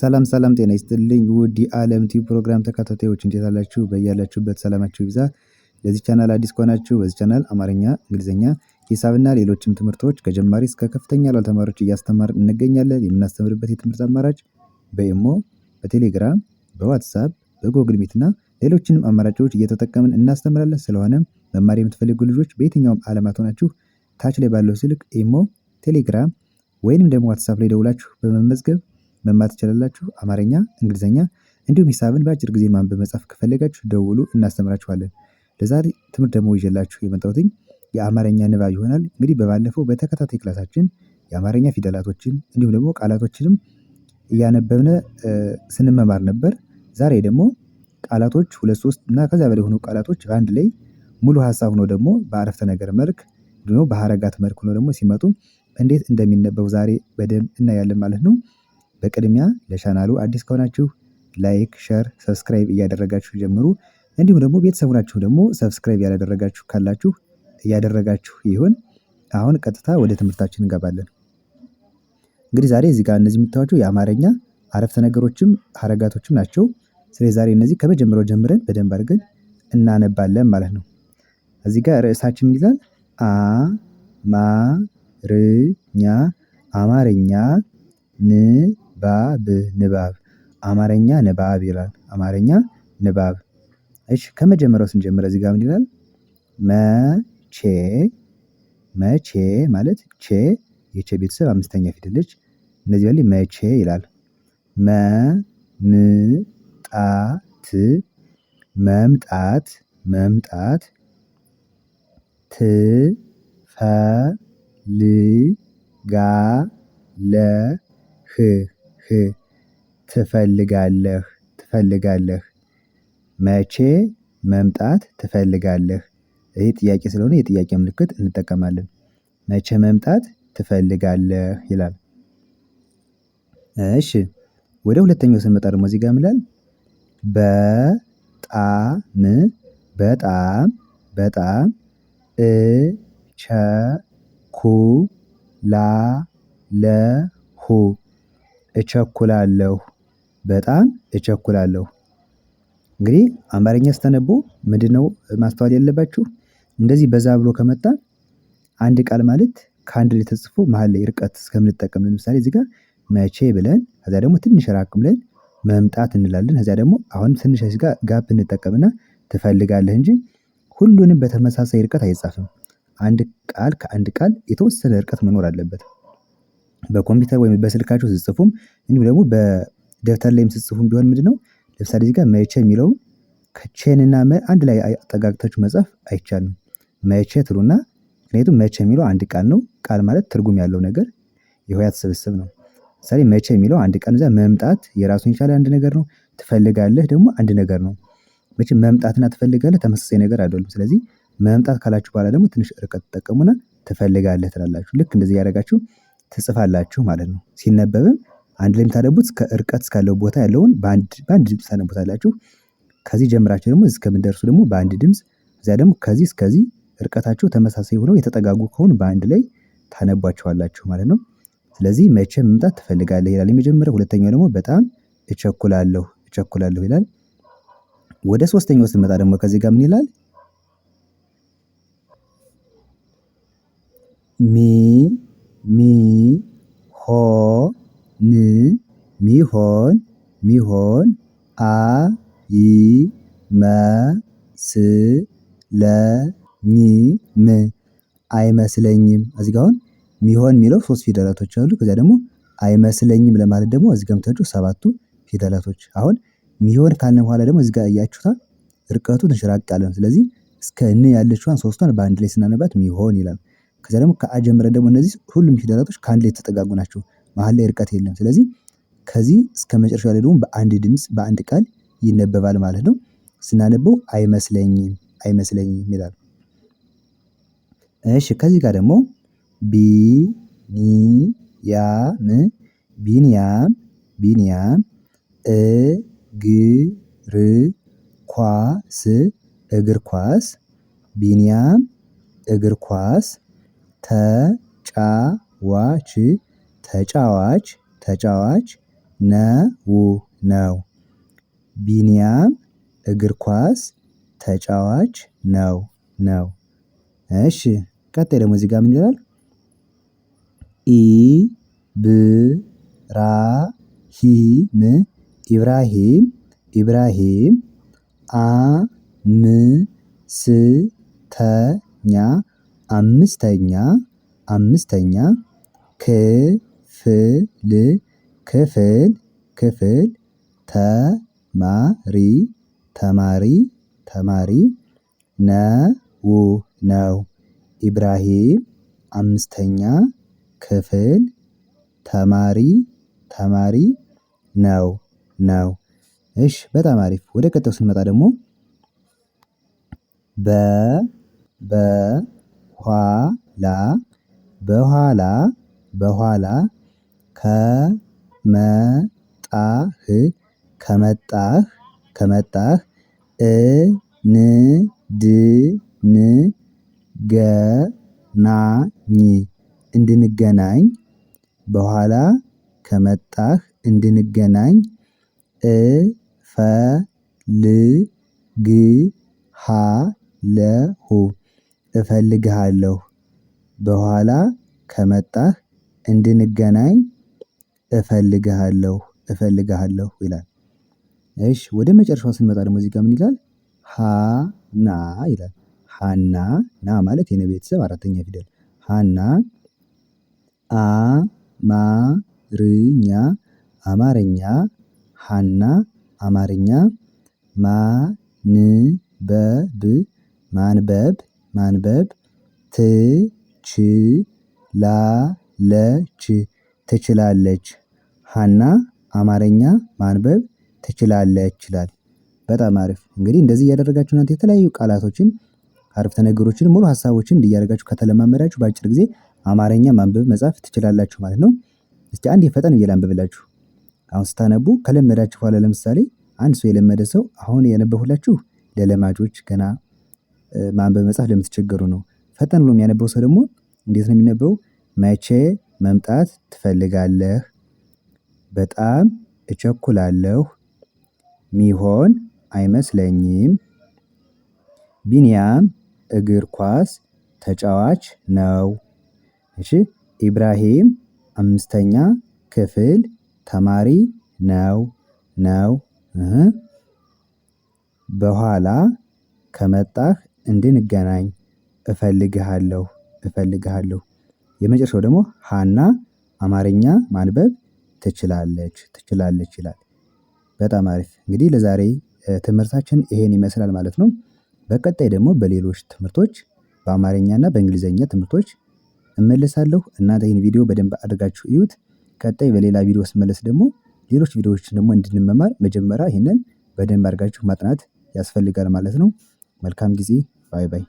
ሰላም ሰላም፣ ጤና ይስጥልኝ ውድ የዓለም ፕሮግራም ተከታታዮች እንዴት አላችሁ? በያላችሁበት ሰላማችሁ ይብዛ። ለዚህ ቻናል አዲስ ከሆናችሁ በዚህ ቻናል አማርኛ፣ እንግሊዝኛ፣ ሂሳብና ሌሎችም ትምህርቶች ከጀማሪ እስከ ከፍተኛ ላሉ ተማሪዎች እያስተማርን እንገኛለን። የምናስተምርበት የትምህርት አማራጭ በኢሞ፣ በቴሌግራም፣ በዋትሳፕ፣ በጎግል ሚትና ሌሎችንም አማራጮች እየተጠቀምን እናስተምራለን። ስለሆነም መማር የምትፈልጉ ልጆች በየትኛውም ዓለማት ሆናችሁ ታች ላይ ባለው ስልክ ኢሞ፣ ቴሌግራም ወይንም ደግሞ ዋትሳፕ ላይ ደውላችሁ በመመዝገብ መማር ትችላላችሁ። አማርኛ፣ እንግሊዘኛ እንዲሁም ሂሳብን በአጭር ጊዜ ማንበብ መጻፍ ከፈለጋችሁ ደውሉ እናስተምራችኋለን። ለዛሬ ትምህርት ደግሞ ይዤላችሁ የመጣሁትኝ የአማርኛ ንባብ ይሆናል። እንግዲህ በባለፈው በተከታታይ ክላሳችን የአማርኛ ፊደላቶችን እንዲሁም ደግሞ ቃላቶችንም እያነበብነ ስንመማር ነበር። ዛሬ ደግሞ ቃላቶች ሁለት ሶስት እና ከዚያ በላይ የሆኑ ቃላቶች በአንድ ላይ ሙሉ ሀሳብ ሆኖ ደግሞ በአረፍተ ነገር መልክ እንዲሁም በሀረጋት መልክ ሆኖ ደግሞ ሲመጡ እንዴት እንደሚነበቡ ዛሬ በደንብ እናያለን ማለት ነው። በቅድሚያ ለቻናሉ አዲስ ከሆናችሁ ላይክ፣ ሸር፣ ሰብስክራይብ እያደረጋችሁ ጀምሩ። እንዲሁም ደግሞ ቤተሰቡ ናችሁ ደግሞ ሰብስክራይብ ያላደረጋችሁ ካላችሁ እያደረጋችሁ ይሁን። አሁን ቀጥታ ወደ ትምህርታችን እንገባለን። እንግዲህ ዛሬ እዚህ ጋር እነዚህ የምታዩቸው የአማርኛ አረፍተ ነገሮችም ሀረጋቶችም ናቸው። ስለዚህ ዛሬ እነዚህ ከመጀመሪያው ጀምረን በደንብ አድርገን እናነባለን ማለት ነው። እዚህ ጋር ርዕሳችን ምን ይላል? አማርኛ አማርኛ ን ንባብ ንባብ አማርኛ ንባብ ይላል አማርኛ ንባብ። እሺ ከመጀመሪያው ስንጀምር እዚህ ጋር ምን ይላል? መቼ መቼ ማለት ቼ የቼ ቤተሰብ አምስተኛ ፊደል እነዚህ ላይ መቼ ይላል። መምጣት መምጣት መምጣት ትፈልጋለህ ትፈልጋለህ ትፈልጋለህ መቼ መምጣት ትፈልጋለህ? ይህ ጥያቄ ስለሆነ የጥያቄ ምልክት እንጠቀማለን መቼ መምጣት ትፈልጋለህ ይላል? እሺ ወደ ሁለተኛው ስንመጣ ደግሞ እዚህ ጋር ምን በጣም በጣም በጣም በጣም እቸኩላለሁ እቸኩላለሁ በጣም እቸኩላለሁ። እንግዲህ አማርኛ ስተነቦ ምንድነው ማስተዋል ያለባችሁ? እንደዚህ በዛ ብሎ ከመጣ አንድ ቃል ማለት ከአንድ ላይ ተጽፎ መሀል ላይ ርቀት እስከምንጠቀም ለምሳሌ እዚህ ጋር መቼ ብለን ከዚያ ደግሞ ትንሽ ራቅ ብለን መምጣት እንላለን ከዚያ ደግሞ አሁን ትንሽ እዚህ ጋር ጋፕ እንጠቀምና ትፈልጋለህ እንጂ ሁሉንም በተመሳሳይ ርቀት አይጻፍም። አንድ ቃል ከአንድ ቃል የተወሰነ ርቀት መኖር አለበት በኮምፒውተር ወይም በስልካቸው ስጽፉም እንዲሁም ደግሞ በደብተር ላይም ስጽፉም ቢሆን ምንድነው ለምሳሌ እዚህ ጋር መቼ የሚለውን ከቼንና መ አንድ ላይ አጠጋግታችሁ መጻፍ አይቻልም። መቼ ትሉና ምክንያቱም መቼ የሚለው አንድ ቃል ነው። ቃል ማለት ትርጉም ያለው ነገር የሆሄያት ስብስብ ነው። ምሳሌ መቼ የሚለው አንድ ቃል እዛ መምጣት የራሱን የቻለ አንድ ነገር ነው። ትፈልጋለህ ደግሞ አንድ ነገር ነው። መቼ መምጣትና ትፈልጋለህ ተመሳሳይ ነገር አይደሉም። ስለዚህ መምጣት ካላችሁ በኋላ ደግሞ ትንሽ ርቀት ትጠቀሙና ትፈልጋለህ ትላላችሁ ልክ እንደዚህ ያደረጋችሁ። ትጽፋላችሁ ማለት ነው። ሲነበብም አንድ ላይ የምታነቡት ከእርቀት እስካለው ቦታ ያለውን በአንድ ድምፅ ታነቡታላችሁ። ከዚህ ጀምራችሁ ደግሞ እስከምንደርሱ ደግሞ በአንድ ድምፅ፣ እዚያ ደግሞ ከዚህ እስከዚህ ርቀታቸው ተመሳሳይ ሆነው የተጠጋጉ ከሆኑ በአንድ ላይ ታነቧቸዋላችሁ ማለት ነው። ስለዚህ መቼ መምጣት ትፈልጋለህ? ይላል የመጀመሪያው ሁለተኛው ደግሞ በጣም እቸኩላለሁ እቸኩላለሁ ይላል። ወደ ሶስተኛው ስንመጣ ደግሞ ከዚህ ጋር ምን ይላል? ሚ ሚ ሚሆን ሚሆን አ ይ መ ስ ለ ኝ ም አይመስለኝም። እዚህ ጋ አሁን ሚሆን የሚለው ሶስት ፊደላቶች አሉ። ከዚያ ደግሞ አይመስለኝም ለማለት ደግሞ እዚህ ገምታችሁ ሰባቱ ፊደላቶች አሁን ሚሆን ካልን በኋላ ደግሞ እዚህ ጋር እያችሁታ እርቀቱ ትንሽ ራቅ ያለ ነው። ስለዚህ እስከ ን ያለችዋን ሶስቷን በአንድ ላይ ስናነባት ሚሆን ይላል። ከዚያ ደግሞ ከአ ጀምረን ደግሞ እነዚህ ሁሉም ፊደላቶች ከአንድ ላይ የተጠጋጉ ናቸው። መሀል ላይ ርቀት የለም። ስለዚህ ከዚህ እስከ መጨረሻው ላይ ደግሞ በአንድ ድምፅ በአንድ ቃል ይነበባል ማለት ነው። ስናነበው አይመስለኝም አይመስለኝም ይላል። እሺ ከዚህ ጋር ደግሞ ቢኒያም ቢኒያም ቢኒያም እግር ኳስ እግር ኳስ ቢኒያም እግር ኳስ ተጫዋች ተጫዋች ተጫዋች ነው ነው። ቢኒያም እግር ኳስ ተጫዋች ነው ነው። እሺ ቀጣይ ደግሞ እዚህ ጋር ምን ይላል? ኢብራሂም ኢብራሂም ኢብራሂም አምስተኛ አምስተኛ አምስተኛ ክፍል ክፍል ክፍል ተማሪ ተማሪ ተማሪ ነው ነው ኢብራሂም አምስተኛ ክፍል ተማሪ ተማሪ ነው ነው። እሽ በጣም አሪፍ ወደ ቀጠው ስንመጣ ደግሞ በ በ ኋላ በኋላ በኋላ ከ መጣህ ከመጣህ ከመጣህ እንድንገናኝ እንድንገናኝ በኋላ ከመጣህ እንድንገናኝ እፈልግሃለሁ እፈልግሃለሁ በኋላ ከመጣህ እንድንገናኝ እፈልግሃለሁ እፈልግሃለሁ ይላል። እሺ ወደ መጨረሻው ስንመጣ ደግሞ እዚጋ ምን ይላል? ሃና ይላል ሃና ና ማለት የነ ቤተሰብ አራተኛ ፊደል ሃና አማርኛ አማርኛ ሃና አማርኛ ማንበብ ማንበብ ማንበብ ትችላለች ትችላለች። ሀና አማርኛ ማንበብ ትችላለች ይላል። በጣም አሪፍ። እንግዲህ እንደዚህ እያደረጋችሁ እናንተ የተለያዩ ቃላቶችን አረፍተ ነገሮችን ሙሉ ሀሳቦችን እንዲያደርጋችሁ ከተለማመዳችሁ በአጭር ጊዜ አማርኛ ማንበብ መጻፍ ትችላላችሁ ማለት ነው። እስቲ አንድ ፈጠን እየላንብብላችሁ አሁን ስታነቡ ከለመዳችሁ በኋላ ለምሳሌ አንድ ሰው የለመደ ሰው አሁን ያነበብሁላችሁ ለለማጆች ገና ማንበብ መጻፍ ለምትቸገሩ ነው። ፈጠን ብሎ የሚያነበው ሰው ደግሞ እንዴት ነው የሚነበው? መቼ መምጣት ትፈልጋለህ? በጣም እቸኩላለሁ። ሚሆን አይመስለኝም። ቢንያም እግር ኳስ ተጫዋች ነው። እሺ ኢብራሂም አምስተኛ ክፍል ተማሪ ነው። ነው በኋላ ከመጣህ እንድንገናኝ እፈልግሃለሁ እፈልግሃለሁ የመጨረሻው ደግሞ ሀና አማርኛ ማንበብ ትችላለች ትችላለች ይላል። በጣም አሪፍ እንግዲህ ለዛሬ ትምህርታችን ይሄን ይመስላል ማለት ነው። በቀጣይ ደግሞ በሌሎች ትምህርቶች በአማርኛና በእንግሊዝኛ ትምህርቶች እመለሳለሁ። እናንተ ይህን ቪዲዮ በደንብ አድርጋችሁ እዩት። ቀጣይ በሌላ ቪዲዮ ስመለስ ደግሞ ሌሎች ቪዲዮዎችን ደግሞ እንድንመማር መጀመሪያ ይህንን በደንብ አድርጋችሁ ማጥናት ያስፈልጋል ማለት ነው። መልካም ጊዜ። ባይ ባይ።